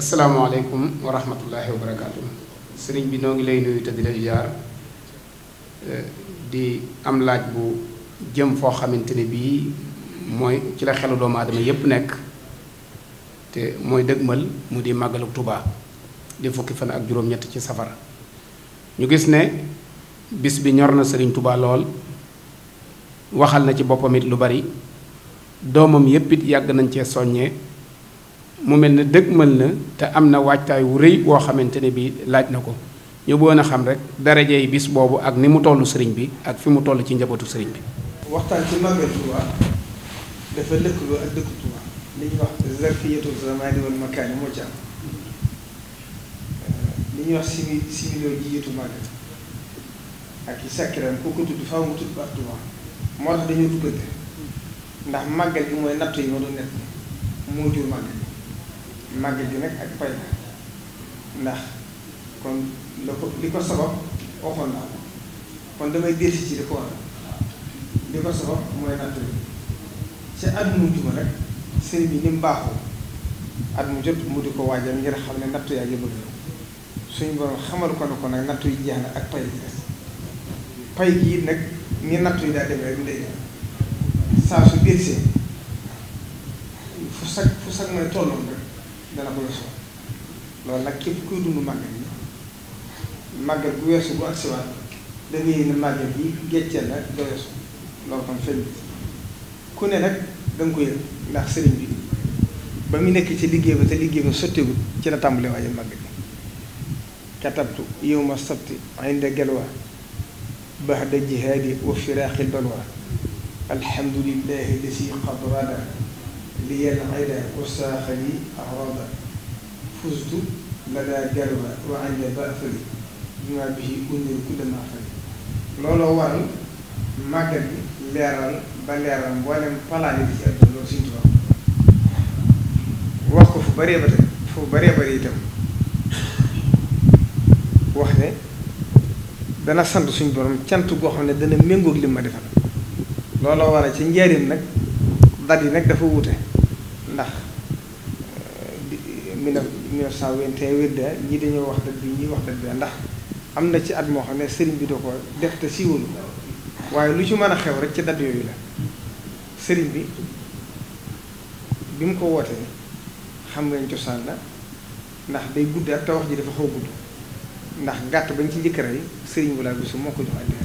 asalaamaaleykum wa rahmatullahi wa barakaatu sëriñ bi noo ngi lay nuyu di la ziar eh, di am laaj bu jëm foo xamante ne bii mooy ci la xelu doomu aadama yépp nekk te mooy dëgmal mu di màggalu Tuubaa di fukki fan ak juróom-ñett ci safara ñu gis ne bis bi ñor na sëriñ tubaa lool waxal na ci boppam it lu bari doomam yépp it yàgg nañ cee soññee mu mel ne dëgmal na te am na waajtaay wu rëy woo xamante ne bii laaj na ko ñu boon a xam rek darajey bis boobu ak ni mu toll sëriñ bi ak fi mu toll ci njabootu sëriñ bi. waxtaan ci màggal Tuubaa dafa lëkkaloo ak dëkku Tuubaa li ñuy ñuy wax simi similoo jiyatu màggal ak i sakkiram ku ko gi mooy natt yi ma doon nekk moo jur màggal. màggal gi nag ak pay ndax kon la ko li ko sabab waxoon naa kon damay delsi ci li ko war li ko sabab mooy natt bi ci at mu juma rek sëñ bi ni mu baaxoo mu jot mu di ko waajal ngir xam ne nattu yaa ngi bëgg suñu borom xamal ko ne ko nag nattu yi jeex na ak pay gi des pay gi it nag ni nattu yi daa demee rek mu day saa su delsi fu sag fu sag mooy tolloon rek dana ko weesoo loolu nag képp kuy dund màggal yi màggal bu weesu bu agsiwaat da ngay yéene màggal bi gécceel la da weesu loolu kon feeñ ku ne nag da ko yëg ndax sëriñ bi ba mu nekk ci liggéey ba te liggéey ba sotteegul ci la tàmbali waaye màggal bi katabtu yowma sabti inda galwa baxda jihaadi wa firaaqi balwa alhamdulillahi lasi qadrana بيان غير وساخ لي أعراضا فزت لدى جرب وعند بأفلي بما به أنير كل ما أفلي looloo waral màggal bi leeral ba leeral mboolem palaane bi ci àdduna loolu suñu tubaab wax ko fu bëree ba tey fu bëree bëri itam wax ne dana sant suñu borom cant goo xam ne dana méngoog li ma defal looloo waral ci njariñ nag dal yi nag dafa wuute ndax eh, mille neuf cent vingt et un wird ñii dañoo wax dat bi ñii wax dat bi ndax am na ci at moo xam ne sëriñ bi da ko def te siiwalu waaye lu ci mën a xew rek ci dat yooyu la sëriñ bi bi mu ko wootee xam ngeen cosaan la ndax day gudd ak te wax ji dafa xaw gudd ndax gàtt bañ ci njëkkëra yi sëriñ bu laa bisu moo ko jox àddina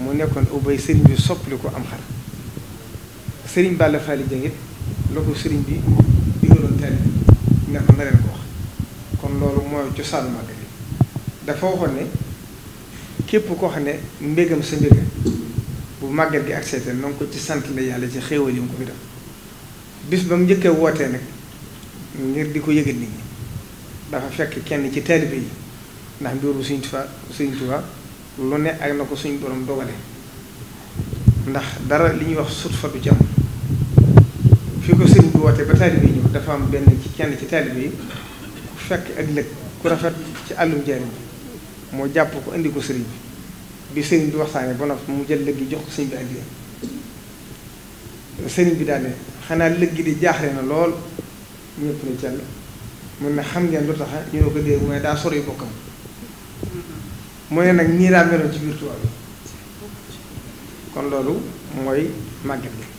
mu nekkoon ubay sëriñ bi soppali ko am xar sëriñ Balla Fally Dieng it la sëriñ bi digaloon taalib bi ne na leen ko wax kon loolu mooy cosaanu màggal gi dafa waxoon ne képp koo xam ne mbégam sa mbéga bu màggal gi ak seetal na ko ci sant la yàlla ci xéewal yi mu ko fi def bis ba mu njëkkee wootee nag ngir di ko yëgal nit ñi dafa fekk kenn ci taalibe yi ndax mbiru Sëriñ Tuubaa Sëriñ lu ne ak na ko suñ borom dogale ndax dara li ñuy wax sut fa du jàmm fi ko sëriñ bi woote ba taalibe ñëw dafa am benn ci kenn ci taalibe yi ku fekk ak lëg ku rafet ci àllum jaay mi moo jàpp ko indi ko sëriñ bi bi sëriñ bi waxtaanee mu jël lëg jox ko sëriñ bi àddiya xanaa lëg gi di jaaxle na lool ñëpp ne cell mun na xam ngeen lu tax ñu ne ko dee mooy daa sori bokkam mu ne nag nii ci biir tubaab kon loolu mooy màgget gi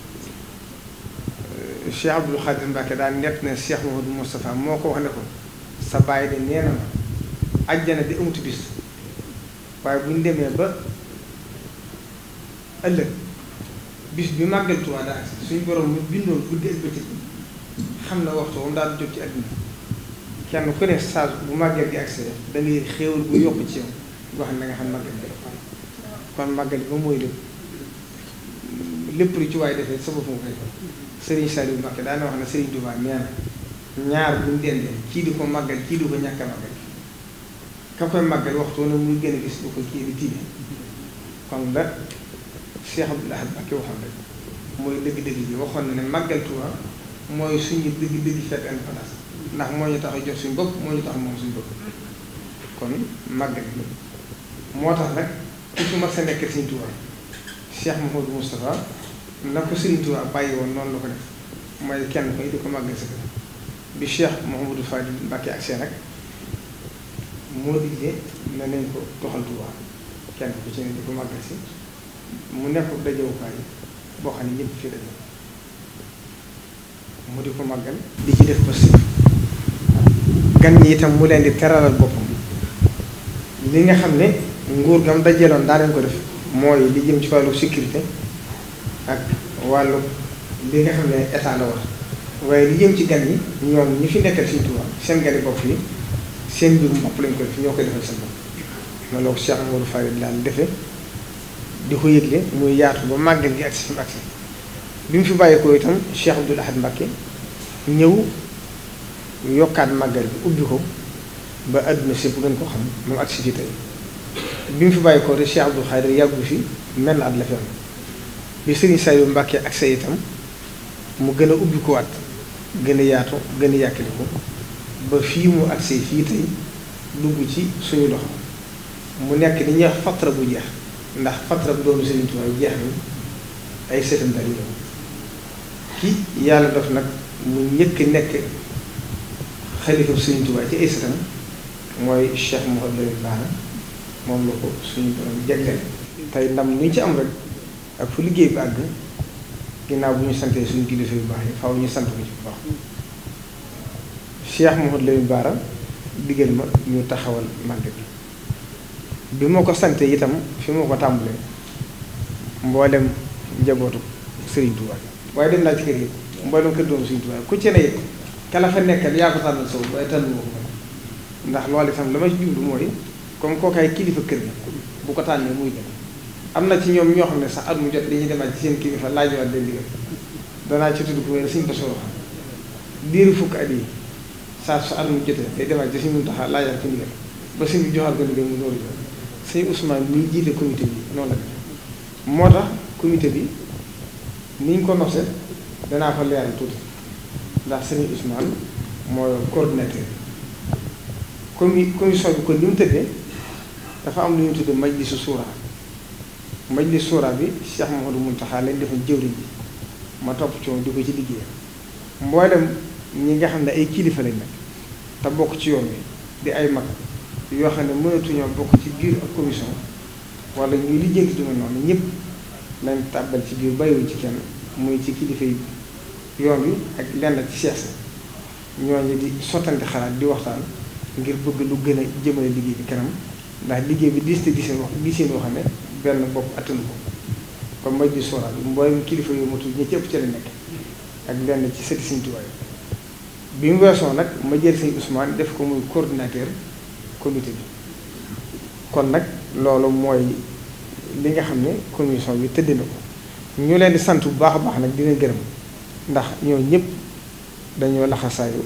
Cheikh Abdoul Khadir Mbacke daal nett ne Cheikh Mamadou Moustapha moo ko wax ne ko sa bàyyi de nee na ma ajjana di amuti bis waaye bu ñu demee ba ëllëg bis bi màggal Tuubaa daa suñu borom mu bindoon guddi ak bëccëg xam na waxtu moom daal di jot ci àdduna kenn ku ne saa bu màggal gi agsi da ngay xéewal bu yokk ci yow boo xam ne nga xam màggal bi kon màggal bi ba mooy lépp lépp lu ci waaye defee sa bopp nga koy Serigne Saliou Mbacké daana wax ne Serigne Touba nee na ñaar buñ dende kii di ko màggal kii di ko ñàkk a màggal ka koy màggal waxtu ne muy a gis du ko kii di tiime kon la a Abdoul Ahad Mbacké waxoon rek mooy dëgg-dëgg bi waxoon na ne tax a jot suñu bopp moo ñu tax moom suñu moo tax nag ku ci mas a nekk Serigne na ko Sëriñ Tuubaa bàyyi woon noonu la ko def mooy kenn koy di ko màggal sa kër bi Cheikh Mouhamadou Fadil Mbacké ak seen nag moo digle ne nañ ko doxal Tuubaa kenn ku ci ne di ko màggal si mu nekk dajewukaay boo xam ne ñëpp fi daje mu di ko màggal di ci def poste gan ñi itam mu leen di teralal boppam li nga xam ne nguur gam dajeeloon daa leen ko def mooy li jëm ci wàllu sécurité ak wàllu li nga xam ne état la waaye li jëm ci gan yi ñoom ñi fi nekkal Sëriñ Tuubaa seen gan yi bopp yi seen mbirum bopp lañ koy def ñoo koy defal seen bopp ko Cheikh di ko yëgle muy yaatu ba màggal gi ak si fi mu agsi bi mu fi bàyyeekoo itam Cheikh Abdoul Ahad Mbacké yokkaat màggal bi ubbi ba àdduna sépp gën ko xam moom agsi fii tey bi mu fi bàyyeekoo rek Cheikh yàggu fi mel na at la fi am bi Serigne Saliou Mbacke ak say itam mu gën a ubbi ko waat gën a yaatu gën a yàkkaliku ba fii mu agsee fii tey dugg ci suñu loxo mu nekk di ñeex fatra bu jeex ndax fatra bu doonu Serigne Touba jeex na ay sëtam dal ñëw ki yàlla dox nag mu njëkk nekk xalifab Serigne Touba ci ay sëtam mooy Cheikh Mouhamadou Lamine Bara moom la ko suñu borom jagleel tey ndam ñu ci am rek ak fu liggéey bi àgg ginnaaw bu ñu santee suñu kilifa yu baax yi faaw ñu sant ko ci bu baax Cheikh Mouhamadou Lamine Bara digal ma ñu taxawal màggal bi bi ma ko santee itam fi ma ko tàmbalee mboolem njabootu Serigne Touba waaye dem naa ci kër yi mboolem kër doomu Serigne Touba ku ci ne it kala fa nekkal yaa ko tànnal sow waaye tànnu ko ndax loolu itam la ma ci mooy comme kookaay kilifa kër gi bu ko tànnee muy gën am na ci ñoom ñoo xam ne sax at mu jot dañuy demaat ci seen kilifa laajewaat leen digal danaa ci tudd ku mel Sëriñ Bassirou diiru fukk at yi saa su at mu jotee day demaat ci Sëriñ Mountakha laajewaat ko ndigal ba sëñ bi joxaat ko ndigal mu door jox sëñ Ousmane mi jiite comité bi noonu la moo tax comité bi ni ñu ko noxee danaa ko leeral tuuti ndax sëñ Ousmane mooy coordinateur commi commission bi kon ni mu tëddee dafa am lu ñu tuddee majlisu suuraa majlis suuraa bi Cheikh mu Mountakha lañ defoon jëwriñ bi ma topp ci di ko ci liggéey mboolem ñi nga xam ne ay kilifa lañ nag te bokk ci yoon wi di ay mag yoo xam ne mënatuñoo bokk ci biir ak commission wala ñuy liggéey du ma noonu ñëpp lañ tàbbal ci biir bàyyiwu ci kenn muy ci kilifa yi yoon wi ak lenn ci Cheikh si ñooñu di sottante xalaat di waxtaan ngir bëgg lu gën a jëmale liggéey bi kanam ndax liggéey bi diis te diis seen wax diis yoo xam ne. benn bopp attanu ko kon mooy bi sóoraal mbooy kilifa yoo matul ñi ci ëpp ci nekk ak lenn ci sëti Sëriñ Tuubaa bi mu weesoo nag ma jël Sëriñ Ousmane def ko muy coordinateur comité bi kon nag loolu mooy li nga xam ne commission bi tëdd na ko ñu leen di sant bu baax a baax nag dina gërëm ndax ñoo ñëpp dañoo laxasaayu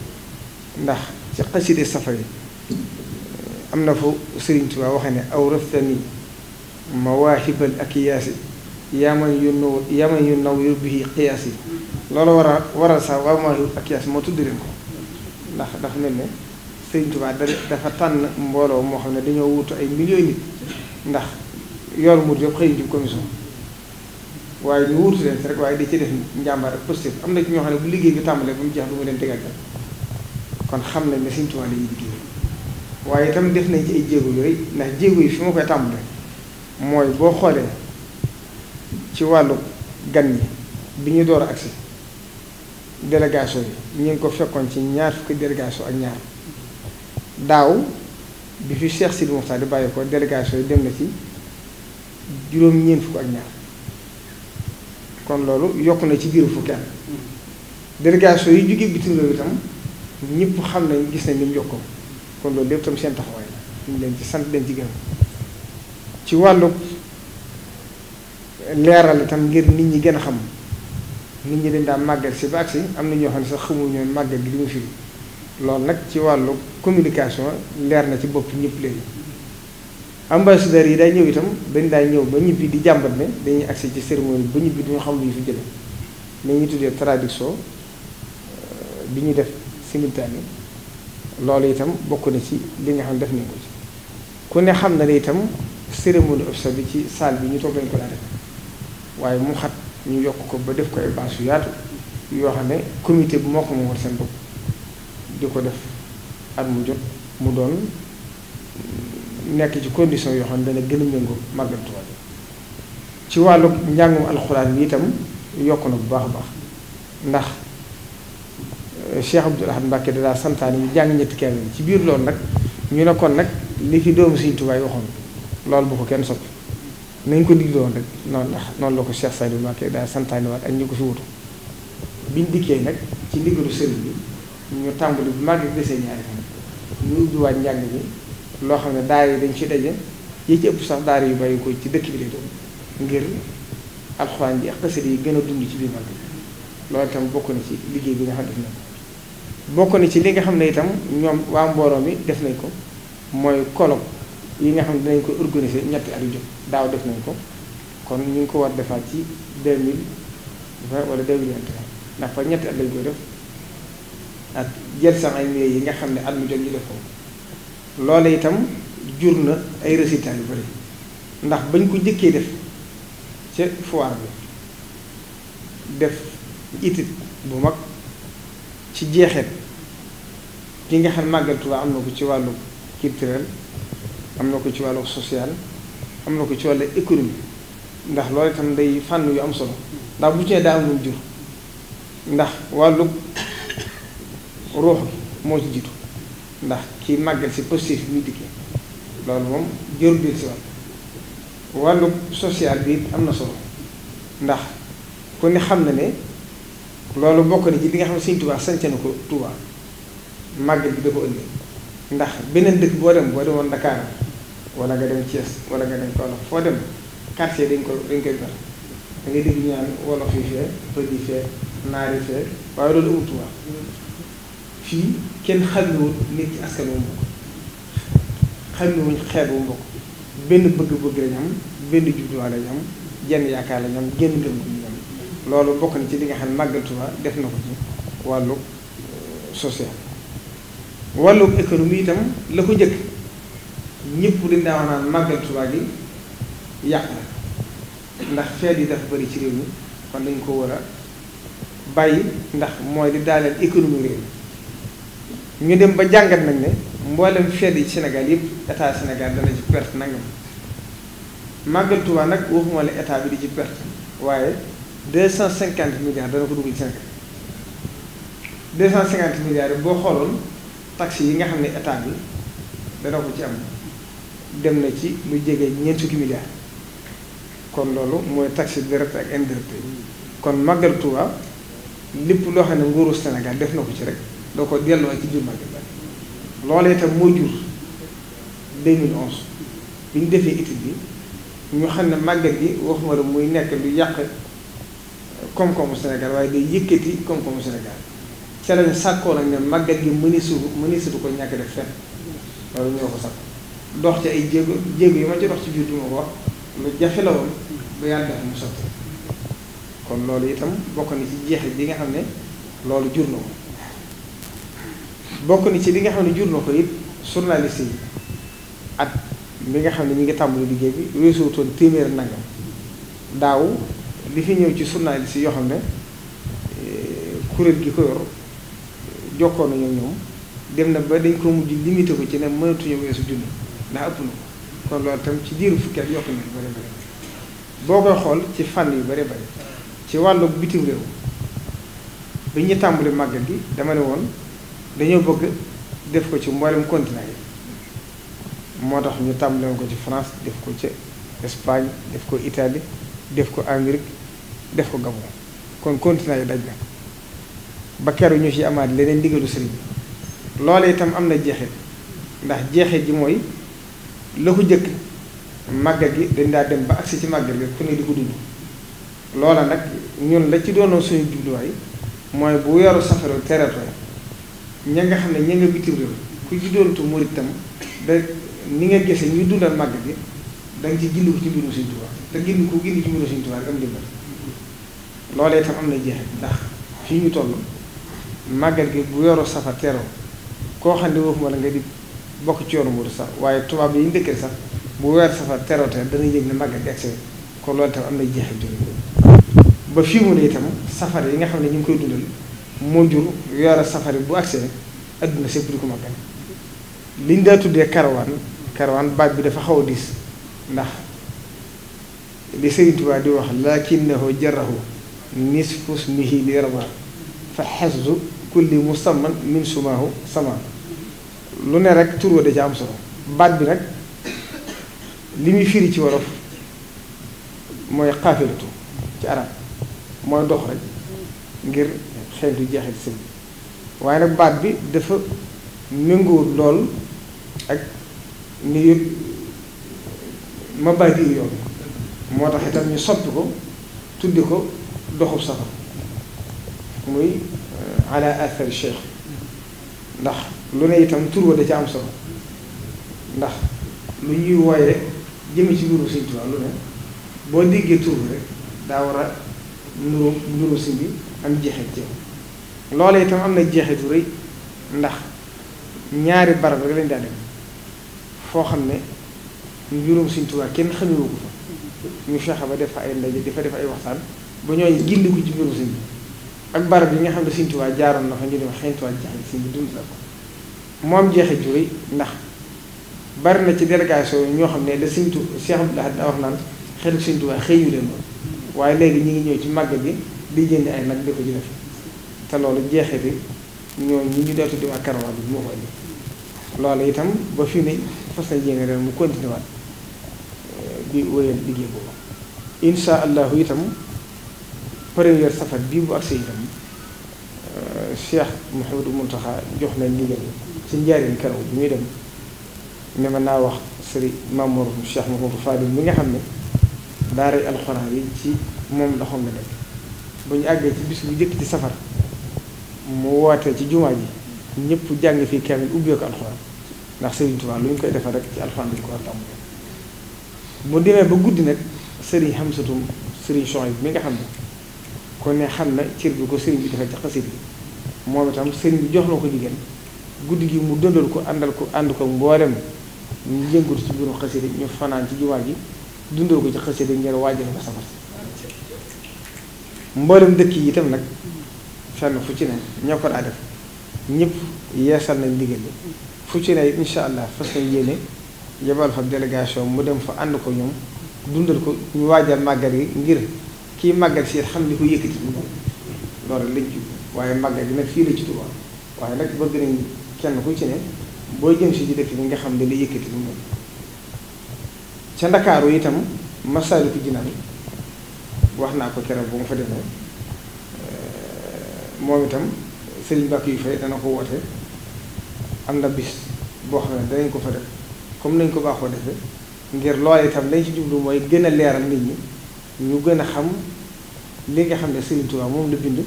ndax ci xaside safari am na fu Sëriñ Tuubaa waxe ne aw rëftani mawaahibal ak yaasi yaa man yu naw yaa man yu naw yi bihi qiyaasi loolu war a waral sax waa mawaahibal ak yaasi moo tudd leen ko ndax dafa mel ne Sëriñ Tuubaa dafa tànn mbooloo moo xam ne dañoo wutu ay millions nit ndax yoon mur yëpp xëy jub commission waaye ñu wutu leen si rek waaye di ci def njàmbaar ak positif am na ci ñoo xam ne bu liggéey bi tàmbalee bu mu jeex du ma leen déggal kon xam nañ ne Sëriñ Tuubaa la ñuy liggéey waaye itam def nañ ci ay jéego yooyu ndax jéego mooy boo xoolee ci wàllu gan yi bi ñu door agsi délégation yi ñu ko fekkoon ci ñaar fukki délégation ak ñaar daaw bi fi Cheikh si Moukhtar di bàyyi ko délégation yi dem na ci juróom ñeent fukk ak ñaar kon loolu yokk na ci diiru fukki at délégation yi jóge bitim réew itam ñëpp xam nañ gis nañ ni mu yokkoo kon loolu lépp tam seen taxawaay la ñu leen ci sant leen ci gërëm ci wàllu leeral itam ngir nit ñi gën a xam nit ñi dañ daan màggal si ba agsi am na ñoo xam ne sax xamuñu màggal gi li mu firi loolu nag ci wàllu communication leer na ci bopp ñëpp léegi ambassadeurs yi day ñëw itam dañ daay ñëw ba ñibbi di jàmbat ne dañuy agsi ci cérémonie ba ñibbi duñu xam lu ñu fi jële ni ñu tuddee traduction euh, bi ñu def simultané loolu itam bokk na ci li nga xam def nañ ko ci ku ne xam na ne itam cérémonie officielle bi ci salle bi ñu toog lañ ko daan def waaye mu xat ñu yokk ko ba def ko ay bâche yu yaatu yoo xam ne comité bi moo ko moomal seen bopp di ko def at mu jot mu doon nekk ci condition yoo xam ne dana gën a méngoo màggal ci wàllu njàngum alxuraan bi itam na bu baax a ndax euh, Cheikh Abdoul Ahad Mbacké da daa santaane ñu jàng ñetti kenn ci biir lool nag ñu ne kon nag li ki doomu Sëriñ Tuubaa waxoon loolu bu ko kenn soppi nañ ko digle woon rek noonu la noonu la ko Cheikh Sadio Mbacké daa santaane waat ak ñu ko fi wutu biñ dikkee nag ci ndigalu sëriñ bi ñu tàmbali bu màgg desee ñaari njàng bi loo xam ne daara yi dañ ci daje yi ci ëpp sax daare yu bàyyi ko ci dëkk bi lay doon ngir alxuraan ji ak xasida yi gën a dund ci biir màgg loolu itam bokk na ci liggéey bi nga xam ne def na ko bokk na ci li nga xam ne itam ñoom waa mbooloo mi def nañ ko mooy colloque yi nga xam ne dañ ko organiser ñetti at yu jot daaw def nañ ko kon ñu ngi ko war defaat ci 2020 wala 2021 ndax fa ñetti at lañ koy def ak jël sama yi nga xam ne at mu jot ñu def ko loole itam jur na ay résitat yu bari ndax bañ ko jëkkee def ca foire bi def itit bu mag ci jeexeet ki nga xam màggal Tuubaa am na ko ci wàllu culturel am na ko ci wàllu social am na ko ci wàllu économie ndax loolu itam day fànn yu am solo ndax bu ci daa am lu ndax wàllu ruux moo ci jiitu ndax ki màggal si positif bi muy loolu moom jëru biir si wàll social bi am na solo ndax ku ne xam na ne loolu bokk na ci li nga xam ne Sëñ Tuubaa sance na ko Tuubaa màggal bi da ko ëndi ndax beneen dëkk boo dem boo demoon Ndakaaram wala nga dem Thiès wala nga dem Kaolack foo dem quartier dañ ko dañ koy ber da ngay dégg ñaan wolof yi fee pël yi fee naar yi fee waaye loolu amul Tuubaa fii kenn xàmmewul nit ci askan wu mbokk xàmmewuñ xeet wu mbokk benn bëgg-bëgg lañ am benn jubluwaay lañ am jenn yaakaar lañ genn ngëm ko ñu am loolu bokk na ci li nga xam ne def na ko ci wàllu euh, social wàllu économie itam la ko njëkk ñëpp dañ daa wax naan màggal Tuubaa gi yàq na ndax feet yi dafa bëri ci réew mi kon dañ ko war a bàyyi ndax mooy di daaleel économie réew ñu dem ba jàngat nañ ne mboolem feet yi Sénégal yëpp état Sénégal dana ci perte nangam màggal Tuubaa nag waxuma la état bi di ci perte waaye deux cent cinquante milliards dana ko dugg ci Sénégal deux cent cinquante milliards yi boo xooloon taxes yi nga xam ne état bi dana ko ci am dem na ci lu jege ñeent fukki milliards kon loolu mooy taxe direct ak indirect kon màggal Touba lépp loo xam ne nguuru Sénégal def na ko ci rek da ko delloo ci biir màggal ba loolee itam moo jur 2011 bi ñu defee étude bi ñu xam ne màgget gi waxuma la muy nekk lu yàq koom-koomu Sénégal waaye day yëkkati koom-koomu Sénégal ca lañu sàkkoo nag ne màggal gi mëneesu mëneesu ko ñàkk def fenn loolu ñoo ko sàkk dox ci ay jéego jéego yi ma ci dox ci biir du ma ko wax lu jafe la woon ba yàlla def mu sotti kon loolu itam bokk na ci jeexit bi nga xam ne loolu jur na ko bokk na ci li nga xam ne jur na ko it journaliste yi ak mi nga xam ne ñu ngi tàmbali liggéey bi réseautoon téeméer nag daaw li fi ñëw ci journaliste yoo xam ne eh, kuréel gi ko yor eh, jokkoon nañu ñoom dem na ba dañ ko mujj limité ko ci ne mënatuñu weesu junni ndax ëpp na kon loolu itam ci diiru fukki yokku yokk nañu bëri bëri boo koy xool ci fànn yu bëri bëri ci wàllu bitim réew bi ñu tàmbali màggal gi dama ne woon dañoo bëgg def ko ci mboolem continent yi moo tax ñu tàmbali ko ci France def ko ci Espagne def ko Italie def ko Amérique def ko Gabon kon continent yi daj na ba keroog ñu ci amaat leneen ndigalu sëriñ loolu itam am na jeexit ndax jeexit ji mooy. la ko jëkk màggal gi dañ daa dem ba agsi ci màggal gi ku ne di ko dund loola nag ñun la ci doonoo suñu jubluwaay mooy bu weeru safaru tereetoo ña nga xam ne ña nga bitim ku ci doontu murit tam da ni nga gise ñuy dundal màgg gi da nga ci gindi ko ci mbirum Sëñ Tuubaa te gindi ko gindi ci mbirum Sëñ Tuubaa rek am dimbal am na jeexit ndax fii ñu toll màggal gi bu weeru safar teroo koo xam ne waxuma la nga di bokk ci yoonu Mourou sax waaye tubaab yi ndëkkee sax bu weer safar teroote dana yëg ne màggal gi agsi kon loolu tam am na jeexit dund ba fii mu ne itam safar yi nga xam ne ñu ngi koy dundal moo jur weeru safar yi bu agsi rek adduna sépp di ko màggal liñ daa tuddee karawaan karawaan baat bi dafa xaw a diis ndax li Sëriñ Tuubaa di wax lakinnahu jarahu nisfus mihi li yarba fa xasdu kulli mu min sumaahu samaan lu ne rek tur wa ca am solo baat bi nag li muy firi ci wolof mooy xaafilatu ci arab mooy dox rek ngir xeetu jeexit sëñ bi waaye nag baat bi dafa méngoo lool ak ni yëpp ma baat yi yoon moo tax itam ñu soppi ko tuddi ko doxub safar muy euh, ala athar cheikh ndax lu ne itam tur wa da ca am solo ndax lu ñuy wooyee jëme ci nuru Sëñ Tuubaa lu ne boo déggee tur rek daa war a nuru nuru si bi am jeexit ci loola itam am na jeexitu rëy ndax ñaari barab rek lañ daa dem foo xam ne njurum Sëñ Tuubaa kenn xamewu ko fa ñu fexe a def fa ay ndaje di fa def ay waxtaan ba ñooñu gindi ko ci mbirum sëñ bi ak barab yi nga xam ne Sëñ Tuubaa jaaroon na fa ñu dem xeeñtuwaat jeexit sëñ bi dund la ko moom jeexit ju ndax bari na ci délégation yi ñoo xam ne da Sëriñ Tuubaa Cheikh Abdoul Ahad daa wax naan xelu Sëriñ Tuubaa xëyu leen woon waaye léegi ñu ngi ñëw ci màgg bi di jënd ay nag di ko jënd te loolu jeexit yi ñoo ñu ñu dee tuddi waa karawaan bi moo ko indi loolu itam ba fii nii fas na jéem ren mu continué waat eh, di wéyal liggéey boobu insha allahu itam première safar bii bu agsee itam eh, jox na ndigal ci njaariñ keroog bi muy dem ne ma naa wax sëriñ Mamour Cheikh Mamadou Fadil mi nga xam ne daara alxuraan yi ci moom loxoom la nekk ñu àggee ci bis ci safar mu wootee ci jumaa ji ñëpp jàng fii kaamil ubbee ko alxuraan ndax Serigne Touba lu ñu koy defal rek ci alxuraan dañu ko war mu demee ba guddi nag sëriñ Hamsatum sëriñ Chouaib mi nga xam ne kon ne xam na cër bi ko sëriñ bi dafa ci xasida moom itam sëriñ bi jox na ko jigéen guddi gi mu dundal ko àndal ko ànd ko mboolem ñu yëngatu ci biirum xasida ñu fanaan ci jumaa ji dundal ko ci xasida ngir waajal ko safar mboolem dëkk yi itam nag fenn fu ci ne ñoo ko daa def ñëpp yeesal nañ ndigal li fu ci ne incha allah fas nañ yéene yebal fa délégation mu dem fa ànd ko ñoom dundal ko ñu waajal màggal yi ngir kii màggal si xam li ko yëkkati loolu lañ ci waaye màggal gi nag fii la ci Tuubaa waaye nag bëgg nañ kenn koy ci ne booy jëm si ci dëkk bi nga xam ne li yëkkati lu moom ca ndakaaru itam Masaalikul Jinaan wax naa ko keroog bu ma fa demee eh, moom itam Serigne dana ko woote am na bis boo xam ne danañ ko fa def comme nañ ko baaxoo defee ngir loole itam lañ ci jublu mooy gën a leeral nit ñi ñu gën a xam li nga xam ne Serigne Touba moom la bind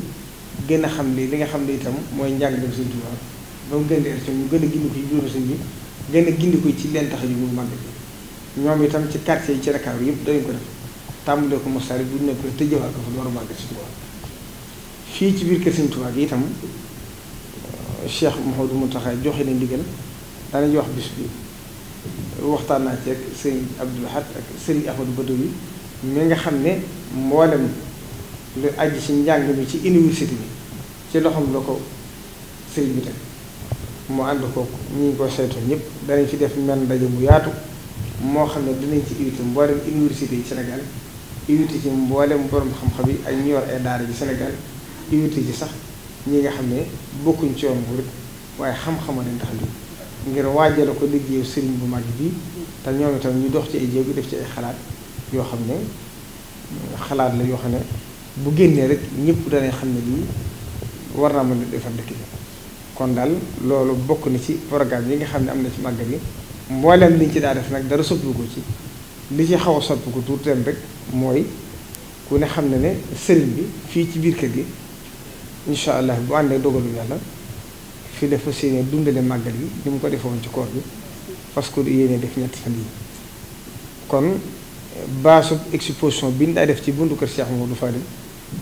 gën a xam li li nga xam ne itam mooy njàng dem Serigne ba mu gën di def ñu gën a gindi ko ci biiru ko ci leen tax mu màgg bi ñoom itam ci quartier yi ci Dakar yëpp dañu ko def ko Moussa bu ñu ko tëjëwaat ko fa door si Tuubaa ci biir kër sëñ Tuubaa gi itam Cheikh Mouhamadou Mountakha joxe na ndigal daanañu wax bis bi waxtaan naa ci ak sëriñ Abdou Lahad ak sëriñ Ahmadou Badawi mi nga xam ne mboolem lu ajj ci njàng mi ci université bi ci loxoom la ko sëriñ bi teg mu ànd ko ñu ngi ko saytoo ñëpp danañ fi def mel ndaje mu yaatu moo xam ne dinañ ci invité mboolem université yi Sénégal invité borom xam yi ak ñu yor ay daara ji Sénégal invité ci sax ñi nga xam ne bokkuñ ci yoon bu waaye xam-xama dañ tax li ngir waajale ko liggéeyu sëriñ bu mag bi te ñoom tam ñu dox ci ay jéego def ci ay xalaat yoo xam ne xalaat la yoo xam ne bu génnee rek ñëpp danañ xam ne lii war naa mën a defar dëkk bi kon daal loolu bokk na ci programme yi nga xam ne am na ci màggal yi mboolem liñ ci daa def nag dara soppiku ci li ci xaw a soppiku tuuti rek mooy ku ne xam ne ne sëriñ bi fii ci biir kër gi incha allah bu àndee dogalu yàlla fii la fas yéene dundale màggal yi ni mu ko defee ci koor bi parce que du def ñetti fan yi kon baasu exposition bi ñu daa def ci bundu kër Cheikh faa Fadil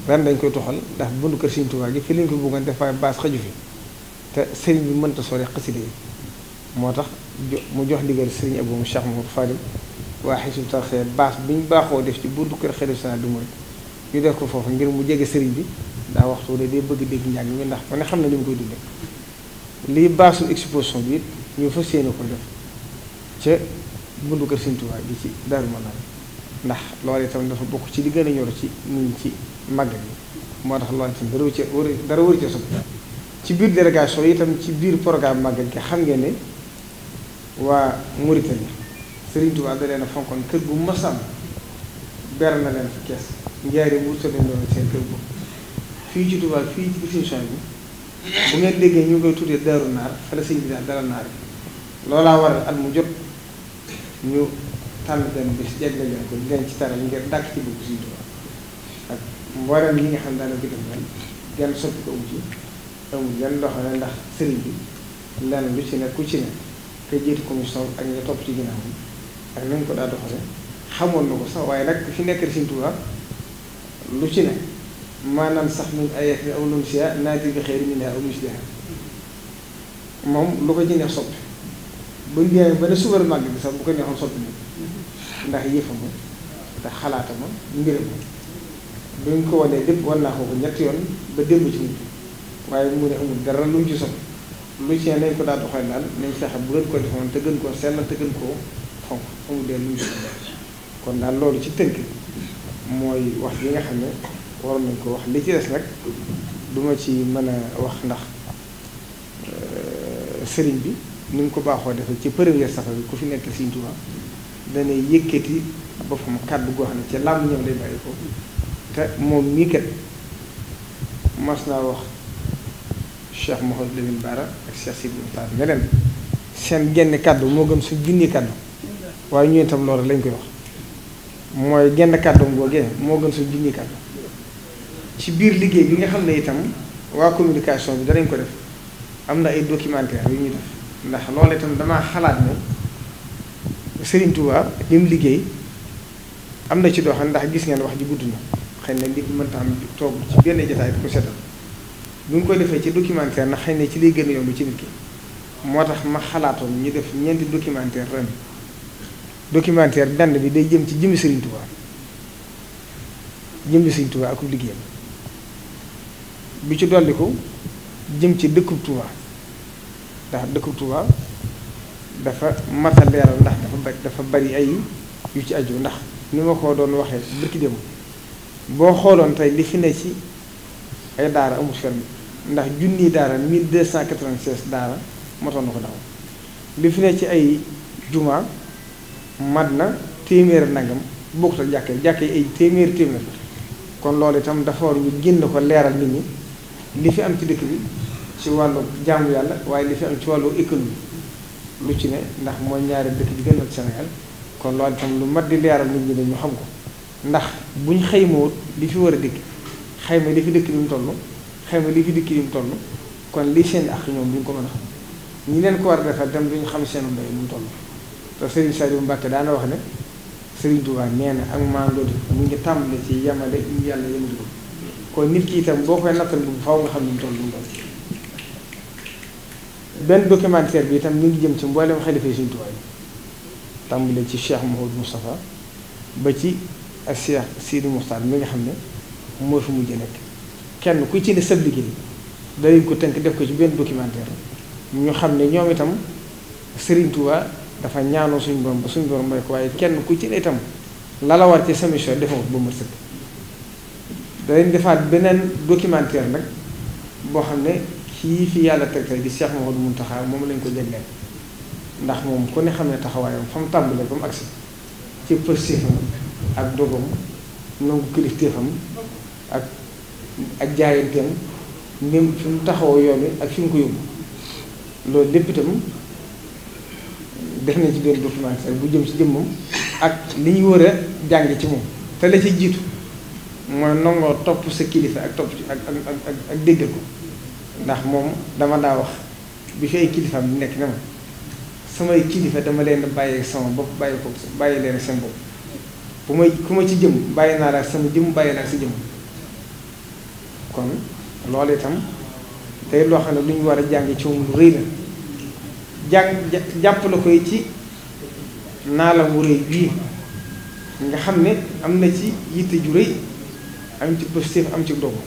ren dañ koy toxal ndax bundu kër Serigne Touba gi fi lañ ko def waaye baas xaju fi. te sëriñ bi mënta sori xasida yi moo tax mu jox ndigal sëriñ moom Cheikh Mamadou Fadil waa Hizbut Tarqiyyah baas bi ñu baaxoo def ci buntu kër xelif sana du murid ñu def ko foofu ngir mu jege sëriñ bi daa waxtu wu ne day bëgg dégg njàng mi ndax ku xam na ni mu koy dundee lii baasu exposition bi ñu fas yéene ko def ca buntu kër Sëriñ Tuubaa bi ci Daaru Manaan ndax lool itam dafa bokk ci li gën a ñor ci nit ci màggal bi moo tax loolu itam dara wër ca dara ci biir délégation yi itam ci biir programme màggal gi xam ngeen ne waa Mauritanie Serigne Touba da leen a fonkoon kër bu masam ber na leen fi kees njaari wurta leen doon fii ci Touba fii ci distinction bi bu ngeen déggee ñu koy tuddee Daaru Naar fala sëñ bi daal dara naar laa war waral at mu jot ñu tànn benn bis jagle leen ko di leen ci taral ngir dàkk ci bëgg Serigne Touba ak mboolem yi nga xam daana ko def gan soppi ko um ci amul yan loxo ne ndax sëriñ bi lenn lu ci ne ku ci ne te jiitu commission ak ñu topp ci ginnaaw bi ak nañ ko daa doxale xamoon na ko sax waaye nag fi nekkal Sëriñ Tuubaa lu ci ne maanaam sax min ayatin aw nunsiha naati bi xayrin aw mislihaa moom lu ko ci neex soppi bu ñu demee ne subar màgg bi sax bu ko neexoon soppi nii ndax yëfam ndax xalaatam mbiram ba ñu ko wanee lépp war naa ko ko ñetti yoon ba démb ci nit waaye mu ne amul dara lu ñu ci soppi lu ci nañ ko daal doxalee daal nañ fexe bu gën ko defoon te koo sell te gën koo fonk amul dara lu ñu ci soppi kon daal loolu ci tënk mooy wax li nga xam ne waroon nañ ko wax li ci des nag duma ci mën a wax ndax euh, sëriñ bi ni nga ko baaxoo defee ci première safa bi ku fi nekk Sëriñ Tuubaa danay yëkkati ba fa mu kàddu goo xam ne ci làmb ñoom lay bàyyi ko te moom mii kat mas naa wax Cheikh Mouhamadou Lamine Bara ak Cheikh Sidi Moukhtar neneen seen genn kàddu moo gën suñ junni kàddu waaye ñu itam loolu lañ koy wax mooy genn kàddu googee moo gën suñ junni kàddu ci biir liggéey bi nga xam ne itam waa communication bi danañ ko def am na ay documentaire yu ñu def ndax loolu itam damaa xalaat ne Serigne Touba li liggéey am na ci doxal ndax gis ngeen wax ji gudd na xëy na nit mënta am toog ci benn jotaay di ko seetal bu ñu koy defee ci documentaire na xëy na ci lay gën a yomb ci nit ki moo tax ma xalaatoon ñu def ñeenti documentaire ren documentaire benn bi day jëm ci jëmmi Serigne Touba jëmmi Serigne Touba ci dolli jëm ci dëkku Touba ndax dëkku Touba dafa mat a ndax dafa bari dafa bari ay yu ci aju ndax ni ma ko doon waxee bërki dem boo xooloon tey li fi ne ci ay daara amul fenn ndax junni daara 1296 daara motoon na ko daw li fi ne ci ay juma mat na téeméeri nagam bokkut ak jàkk jàkk ay téeméeri téeméer kon loolu itam dafa war ñu génn ko leeral nit ñi li fi am ci dëkk bi ci wàllu jaamu yàlla waaye li fi am ci wàllu économie lu ci ne ndax mooy ñaari dëkk bi gën a Sénégal kon lool itam lu mat di leeral nit ñi dañu xam ko ndax buñ xëymawut li fi war a dëkk xayma li fi dëkk bi mu toll xëy na li fi dikki lim toll kon lii seen ak ñoom duñ ko mën a xam ñi leen ko war a defal dem duñ xam seenu mbay mu toll te Serigne Saliou Mbacke daana wax ne sëriñ Touba nee na ak maandoo mu ngi tàmbale ci yemale ñu yàlla yemale ko kon nit ki itam boo koy nattal bu faaw nga xam ni mu toll mu toll benn documentaire bi itam mi ngi jëm ci mboolem xalifa yi Serigne Touba yi tàmbale ci Cheikh Mouhamadou Moustapha ba ci ak Cheikh Sidi Moustapha mi nga xam ne moo fi mujj kenn ku ci ne sëb day danañ ko tënk def ko ci benn documentaire ñu xam ne ñoom itam Serigne Touba dafa ñaanoo suñ borom ba suñu borom may ko waaye kenn ku ci ne itam la la war ci sa mission defoo ba mu sëkk danañ defaat beneen documentaire nag boo xam ne kii fi yàlla teg tey di Cheikh mun taxaar moom lañ ko jagleel ndax moom ko ne xam ne taxawaayam fa mu tàmbalee ba mu agsi ci pëstéefam ak dogam nangu kilifteefam ak ak jaayanteem même fi mu taxawoo yoon wi ak fi mu ko yóbbu loolu lépp itam def nañ ci benn documentaire bu jëm ci jëmmam ak li ñu war a jàng ci moom te la ci jiitu mooy nangoo topp sa kilifa ak topp ci ak ak ak ak ko ndax moom dama daa wax bi fi ay kilifaam bi nekk na ma samay kilifa dama leen bàyyee sama bopp bàyyi ko bàyyi leen seen bopp ma ku ma ci jëm bàyyi naa la sama jëm bàyyi naa sa jëm kon loolu itam tey loo ne lu ñu war a jàng ci moom lu rëy la jàng jàpp la koy ci naalam wu rëy bii nga xam ne am na ci yitte ju rëy am ci positif am ci dogu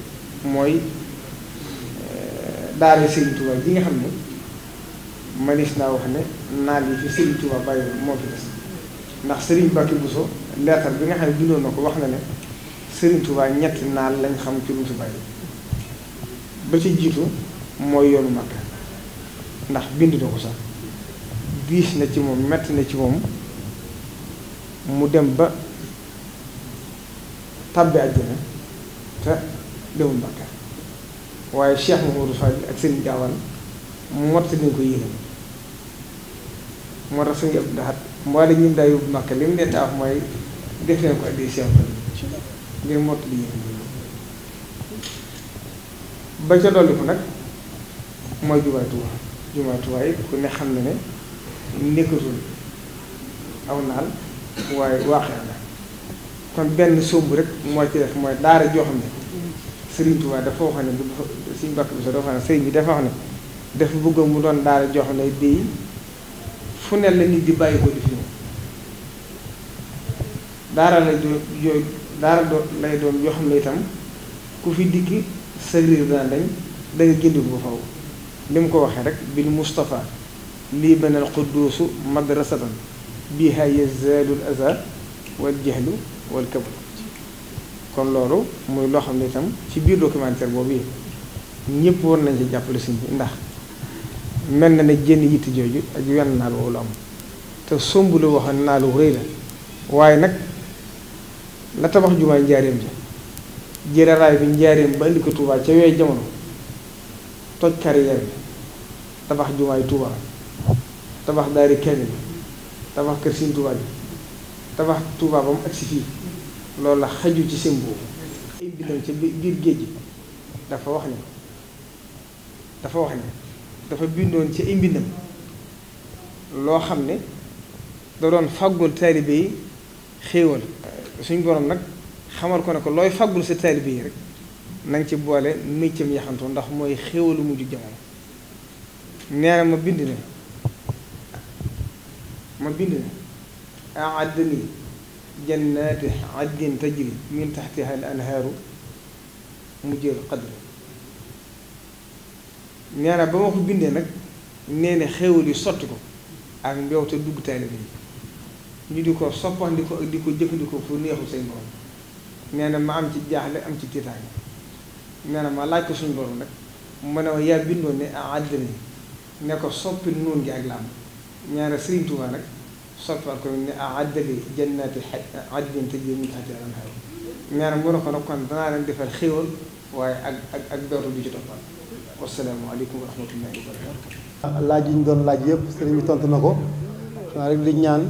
mooy eh, daara Serigne Touba ji nga xam ne manis naa wax ne naal yi fi Serigne Touba bàyyi moo fi des ndax Serigne Bakki Bousso leetar bi nga xam ne bindoo na ko wax na ne Serigne Touba ñetti naal lañ xam ci lu mu bàyyi ba ci jiitu mooy yoonu Makka ndax bind na ko sax diis na ci moom metti na ci moom mu dem ba tàbbi àjjana te demul Makka waaye Cheikh Mouhamadou Fadil ak Serigne Gaawaan motta nañ ko yéene moo tax sëñ Abdou Lahad mboole ñu daa yóbbu Makka li mu ne taaf mooy def leen ko addi Cheikh Fadil ngir motta li yéene ba ca dolli ko nag mooy jumaa Tuubaa jumaa Tuubaa yi ku ne xam ne ne nekkatul aw naal waaye waaxee la kon benn sóobu rek moo ci def mooy daara joo xam ne Sëriñ Tuubaa dafa wax ne suñu bakk bi sax dafa wax ne sëriñ bi dafa wax ne dafa bëgg mu doon daara joo xam ne day fu ne la nit di bàyyi ko di fi daara lay doon yooyu daara doon lay doon yoo xam ne itam ku fi dikki sa riir daan dañ da gindi bu faw li mu ko waxee rek bil Mustafa lii banal qudduusu madrasatan biha yazaalul aza wal jahlu wal kabru kon loolu muy loo xam ne itam ci biir documentaire boobu yi ñëpp war nañ ci jàppale suñ bi ndax mel na ne jenn yitte jooju ak wenn naal woowu am te somb lu wax naalu rëy la waaye nag la tabax jumaa njaareem ji jëre bi njaareem ba indi ko Touba ca yooyu jamono toj carrière bi tabax jumaay Touba tabax daari kenn bi tabax kër Sëñ Touba bi tabax Touba ba mu fii loolu la xaju ci seen boobu ca biir géej dafa wax ni dafa wax ni dafa bindoon ci ay loo xam ne da doon fàggul taalibe xéewal suñ borom nag xamal ko ne ko looy faggul sa taalibe yi rek na ci boole méccam yaxantu ndax mooy xéwalu mujj jamono nee na ma bind ne ma bind ne aadda nii jannaati addin tajri min taxtiha al anhaaru mujjal qadri nee ba ma ko bindee nag nee na yi sotti ko ak mbewte dugg taalibe yi ñu di ko soppandiko ak di ko jëfandikoo fu neexul say borom nee na ma am ci jaaxle am ci tiitaange nee na ma laaj ko suñu borom nag mu ne ma yaa bindoon ne àddina ne ko soppi noon gi ak laam ñaare Sëriñ Tuuba nag soppiwaat ko ne àddali a xaj àddin tajri min tahtiha al-anhaar nee na mu ne ko nag kon danaa leen defal xéwal waaye ak ak ak dootu bi ci toppal wasalaamaaleykum wa rahmatullahi wa barakatuh laaj yi ñu doon laaj yëpp sëriñ bi tontu na ko xanaa rek di ñaan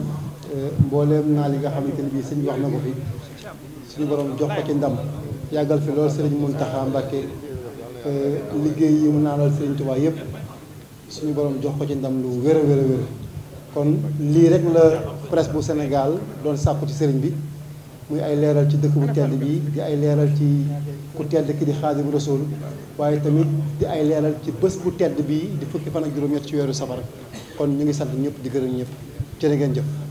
eh, mbooleem naa li nga xamante ne bii sëñ bi wax na suñu borom jox ko ci ndam yàggal fi loolu sëriñ Muntaxa Mbàkke euh, liggéey yi mu naanal sëriñ Tuubaa yëpp suñu borom jox ko ci ndam lu wér a wér a wér kon lii rek la presse bu Sénégal doon sàkku ci sëriñ bi muy ay leeral ci dëkk bu tedd bi di ay leeral ci ku tedd ki di Xaadimu Rasuul waaye tamit di ay leeral ci bés bu tedd bi di fukki fan ak juróom-ñett ci weeru safar kon ñu ngi sant ñëpp di gërëm ñëpp jërë ngeen jëf